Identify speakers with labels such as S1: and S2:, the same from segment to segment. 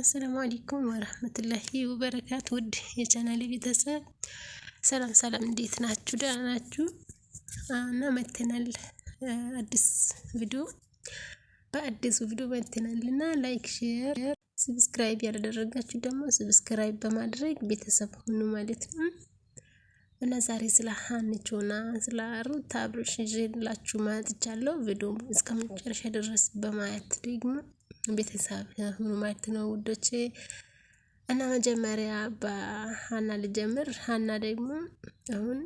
S1: አሰላሙ አለይኩም ወረህመቱላሂ ወበረካቱ። ውድ የቻናል ቤተሰብ ሰላም ሰላም፣ እንዴት ናችሁ? ደህና ናችሁ? እና መተናል አዲስ ቪዲዮ በአዲሱ ቪዲዮ መተናል እና ላይክ፣ ሼር፣ ስብስክራይብ ያላደረጋችሁ ደግሞ ሰብስክራይብ በማድረግ ቤተሰብ ሁኑ ማለት ነው እና ዛሬ ስለ ሀንቾና ስለ ሩታ አብርሽ ይዤላችሁ መጥቻለሁ። ቪዲዮ እስከ መጨረሻ ድረስ በማየት ደግሞ ቤተሰብ ሁኑ ማለት ነው ውዶቼ። እና መጀመሪያ በሀና ልጀምር። ሀና ደግሞ አሁን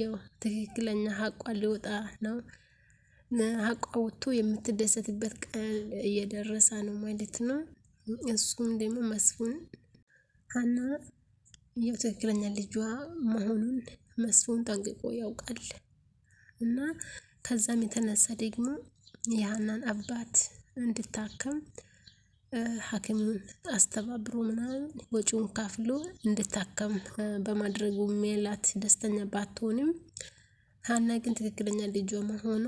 S1: ያው ትክክለኛ ሀቋ ሊወጣ ነው። ሀቋ ወጥቶ የምትደሰትበት ቀን እየደረሰ ነው ማለት ነው። እሱም ደግሞ መስፍን ሀና ያው ትክክለኛ ልጇ መሆኑን መስፍን ጠንቅቆ ያውቃል እና ከዛም የተነሳ ደግሞ የሀናን አባት እንድታከም ሐኪሙን አስተባብሮ ምናምን ወጪውን ካፍሎ እንድታከም በማድረጉ ሜላት ደስተኛ ባትሆንም ሀና ግን ትክክለኛ ልጇ መሆኗ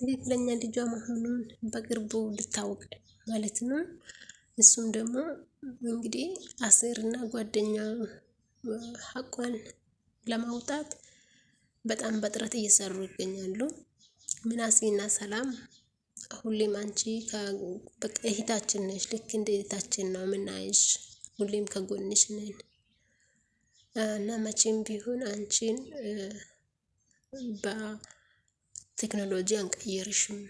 S1: ትክክለኛ ልጇ መሆኑን በቅርቡ ልታወቅ ማለት ነው። እሱም ደግሞ እንግዲህ አሴርና ጓደኛ ሀቋን ለማውጣት በጣም በጥረት እየሰሩ ይገኛሉ። ምናሴና ሰላም ሁሌም አንቺ በቃ እህታችን ነሽ፣ ልክ እንደ እህታችን ነው የምናይሽ። ሁሌም ከጎንሽ ነን እና መቼም ቢሆን አንቺን በቴክኖሎጂ አንቀየርሽም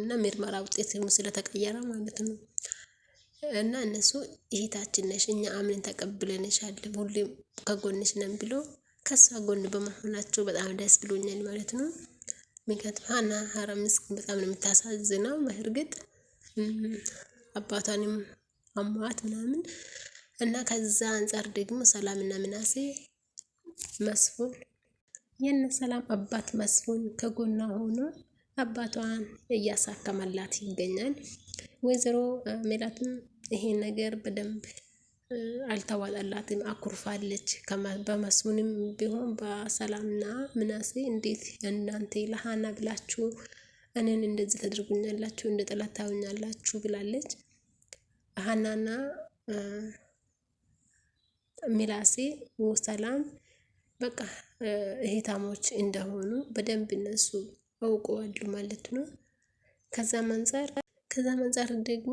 S1: እና ምርመራ ውጤትም ስለተቀየረ ማለት ነው እና እነሱ እህታችን ነሽ፣ እኛ አምነን ተቀብለንሻል፣ ሁሌም ከጎንሽ ነን ብሎ ከሷ ጎን በመሆናቸው በጣም ደስ ብሎኛል ማለት ነው። ምክንያቱም ሀና ሀረምስ በጣም ነው የምታሳዝነው። በእርግጥ አባቷንም አሟት ምናምን እና ከዛ አንጻር ደግሞ ሰላምና ምናሴ መስፍን የነ ሰላም አባት መስፎን ከጎኗ ሆኖ አባቷን እያሳከመላት ይገኛል። ወይዘሮ ሜላትም ይሄን ነገር በደንብ አልተዋጠላትም። አኩርፋለች። በመስሙንም ቢሆን በሰላምና ምናሴ እንዴት እናንተ ለሀና ብላችሁ እኔን እንደዚህ ተደርጉኛላችሁ፣ እንደ ጠላት ታዩኛላችሁ ብላለች። ሃናና ምናሴ ሰላም በቃ እህታሞች እንደሆኑ በደንብ እነሱ አውቀዋሉ ማለት ነው። ከዛም አንጻር ከዛ አንጻር ደግሞ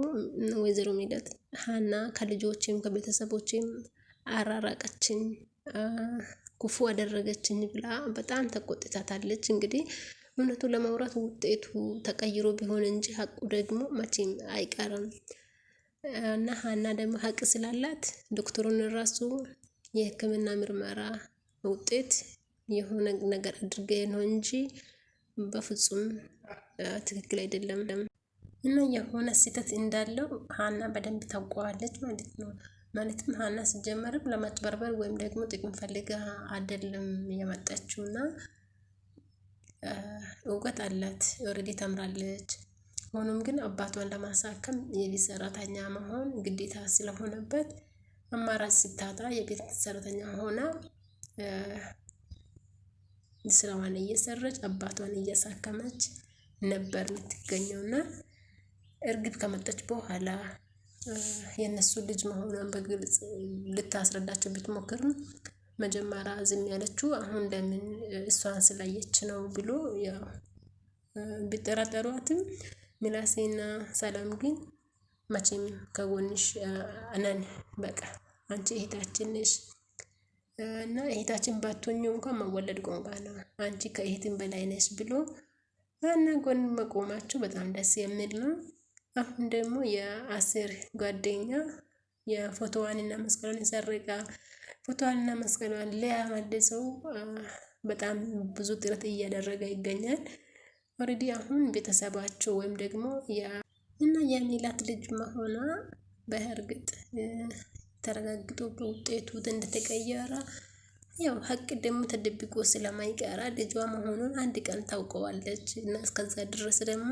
S1: ወይዘሮ ሜላት ሀና ከልጆችም ከቤተሰቦችም አራራቀችኝ፣ ክፉ አደረገችኝ ብላ በጣም ተቆጥታታለች። እንግዲህ እውነቱ ለማውራት ውጤቱ ተቀይሮ ቢሆን እንጂ ሀቁ ደግሞ መቼም አይቀርም እና ሀና ደግሞ ሀቅ ስላላት ዶክተሩን ራሱ የሕክምና ምርመራ ውጤት የሆነ ነገር አድርገ ነው እንጂ በፍጹም ትክክል አይደለም። እና የሆነ ስህተት እንዳለው ሀና በደንብ ታውቀዋለች ማለት ነው። ማለትም ሀና ሲጀመርም ለማጭበርበር ወይም ደግሞ ጥቅም ፈልጋ አይደለም የመጣችው እና እውቀት አላት። ኦልሬዲ ተምራለች። ሆኖም ግን አባቷን ለማሳከም የቤት ሰራተኛ መሆን ግዴታ ስለሆነበት አማራጭ ስታጣ የቤት ሰራተኛ ሆና ስራዋን እየሰረች አባቷን እያሳከመች ነበር የምትገኘውና እርግብ ከመጣች በኋላ የእነሱ ልጅ መሆኗን በግልጽ ልታስረዳቸው ብትሞክርም መጀመሪያ ዝም ያለችው አሁን ለምን እሷን ስላየች ነው ብሎ ያው ቢጠራጠሯትም ምላሴና ሰላም ግን መቼም ከጎንሽ ነን፣ በቃ አንቺ እህታችን ነሽ እና እህታችን ባትሆኚ እንኳን መወለድ ቋንቋ ነው፣ አንቺ ከእህትን በላይ ነሽ ብሎ እና ጎን መቆማቸው በጣም ደስ የሚል ነው። አሁን ደግሞ የአሴር ጓደኛ የፎቶዋንና መስቀሏን የሰረቃ ፎቶዋንና መስቀሏን ሊያመልሰው በጣም ብዙ ጥረት እያደረገ ይገኛል። ኦልሬዲ አሁን ቤተሰባቸው ወይም ደግሞ እና የሚላት ልጅ መሆኗ በእርግጥ ተረጋግጦ በውጤቱ እንደተቀየረ ያው ሀቅ ደግሞ ተደብቆ ስለማይቀራ ልጇ መሆኑን አንድ ቀን ታውቀዋለች እና እስከዛ ድረስ ደግሞ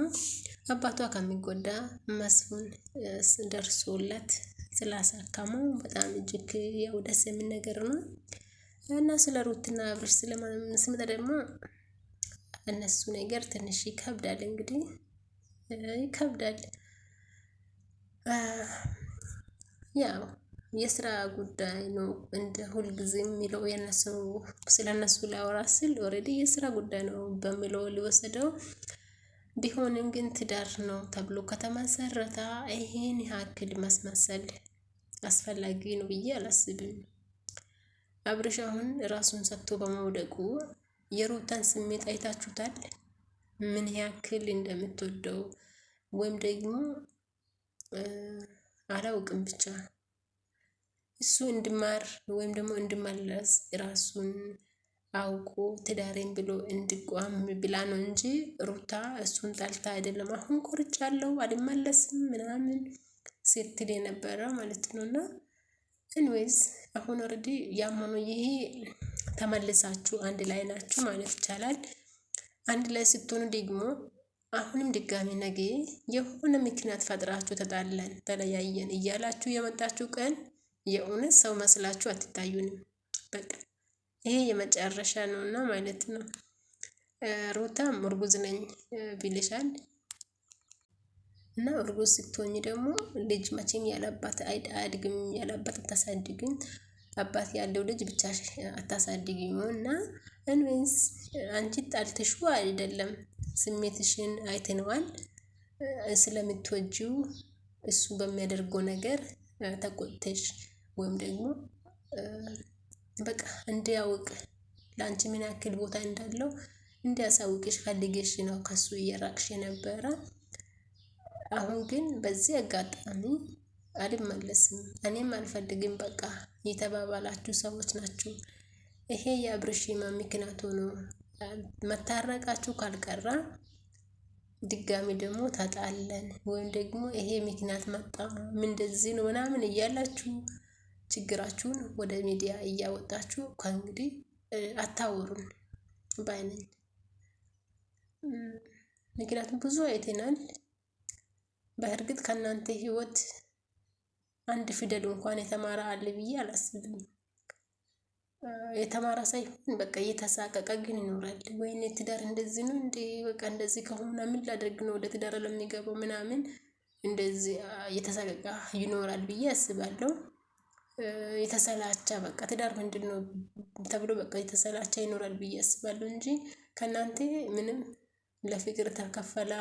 S1: አባቷ ከሚጎዳ መስፍን ደርሶላት ስላሳከመው በጣም እጅግ ያው ደስ የሚል ነገር ነው እና ስለ ሩትና አብርሽ ስለምንስምጠ ደግሞ እነሱ ነገር ትንሽ ይከብዳል። እንግዲህ ይከብዳል ያው የስራ ጉዳይ ነው እንደ ሁልጊዜ የሚለው የነሱ ስለነሱ ላወራ ስል ኦልሬዲ የስራ ጉዳይ ነው በሚለው ሊወሰደው ቢሆንም ግን ትዳር ነው ተብሎ ከተመሰረተ ይሄን ያክል ማስመሰል አስፈላጊ ነው ብዬ አላስብም። አብርሽ አሁን ራሱን ሰጥቶ በመውደቁ የሩታን ስሜት አይታችሁታል። ምን ያክል እንደምትወደው ወይም ደግሞ አላውቅም ብቻ እሱ እንድማር ወይም ደግሞ እንድመለስ ራሱን አውቆ ትዳሬን ብሎ እንድቋም ብላ ነው እንጂ ሩታ እሱን ጠልታ አይደለም። አሁን ቆርጫለሁ አልመለስም ምናምን ስትል የነበረ ማለት ነው። እና እንዌዝ አሁን ኦልሬዲ ያመኑ ይሄ ተመልሳችሁ አንድ ላይ ናችሁ ማለት ይቻላል። አንድ ላይ ስትሆኑ ደግሞ አሁንም ድጋሚ ነገ የሆነ ምክንያት ፈጥራችሁ ተጣለን፣ ተለያየን እያላችሁ የመጣችሁ ቀን የእውነት ሰው መስላችሁ አትታዩንም። በቃ ይሄ የመጨረሻ ነው እና ማለት ነው። ሩታም እርጉዝ ነኝ ቢልሻል እና እርጉዝ ስትሆኝ ደግሞ ልጅ መቼም ያለአባት አያድግም፣ ያለአባት አታሳድግም። አባት ያለው ልጅ ብቻ አታሳድግም እና እንዌንስ አንቺ ጣልተሹ አይደለም ስሜትሽን አይተነዋል። ስለምትወጂው እሱ በሚያደርገው ነገር ተቆጥተሽ ወይም ደግሞ በቃ እንዲያውቅ ለአንቺ ምን ያክል ቦታ እንዳለው እንዲያሳውቅሽ ፈልጌሽ ነው ከሱ እየራቅሽ የነበረ። አሁን ግን በዚህ አጋጣሚ አልመለስም እኔም አልፈልግም በቃ የተባባላችሁ ሰዎች ናችሁ። ይሄ የአብርሽማ ምክንያቱ ነው። መታረቃችሁ ካልቀራ ድጋሚ ደግሞ ታጣለን ወይም ደግሞ ይሄ ምክንያት መጣ ምንደዚህ ነው ምናምን እያላችሁ ችግራችሁን ወደ ሚዲያ እያወጣችሁ ከእንግዲህ አታወሩን ባይነኝ። ምክንያቱም ብዙ አይተናል። በእርግጥ ከእናንተ ህይወት አንድ ፊደል እንኳን የተማረ አለ ብዬ አላስብም። የተማረ ሳይሆን በቃ እየተሳቀቀ ግን ይኖራል። ወይኔ ትዳር እንደዚህ ነው እንዴ? በቃ እንደዚህ ከሆነ ምን ላደርግ ነው ወደ ትዳር ለሚገባው ምናምን እንደዚህ እየተሳቀቀ ይኖራል ብዬ አስባለሁ። የተሰላቸ በቃ ትዳር ምንድን ነው ተብሎ በቃ የተሰላቸ ይኖራል ብዬ አስባለሁ እንጂ ከእናንተ ምንም ለፍቅር ተከፈላ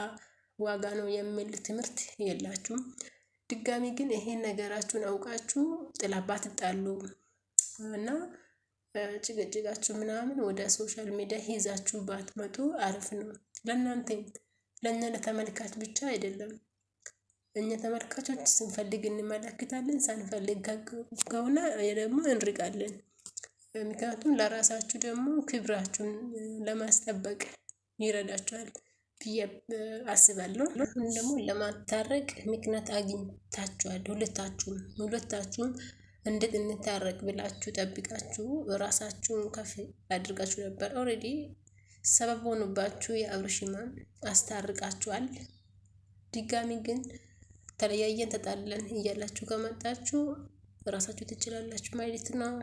S1: ዋጋ ነው የሚል ትምህርት የላችሁም። ድጋሚ ግን ይሄን ነገራችሁን አውቃችሁ ጥላባ ትጣሉ እና ጭቅጭቃችሁ ምናምን ወደ ሶሻል ሚዲያ ይዛችሁ ባትመጡ አሪፍ ነው። ለእናንተ ለእኛ ለተመልካች ብቻ አይደለም እኛ ተመልካቾች ስንፈልግ እንመለከታለን ሳንፈልግ ከሆነ ደግሞ እንርቃለን። ምክንያቱም ለራሳችሁ ደግሞ ክብራችሁን ለማስጠበቅ ይረዳችኋል ብዬ አስባለሁ። አሁን ደግሞ ለማታረቅ ምክንያት አግኝታችኋል። ሁለታችሁም ሁለታችሁም እንዴት እንታረቅ ብላችሁ ጠብቃችሁ ራሳችሁን ከፍ አድርጋችሁ ነበር። ኦልሬዲ ሰበብ ሆኑባችሁ። የአብርሽ ሕመም አስታርቃችኋል። ድጋሚ ግን ተለያየን ተጣለን እያላችሁ ከመጣችሁ ራሳችሁ ትችላላችሁ ማለት ነው።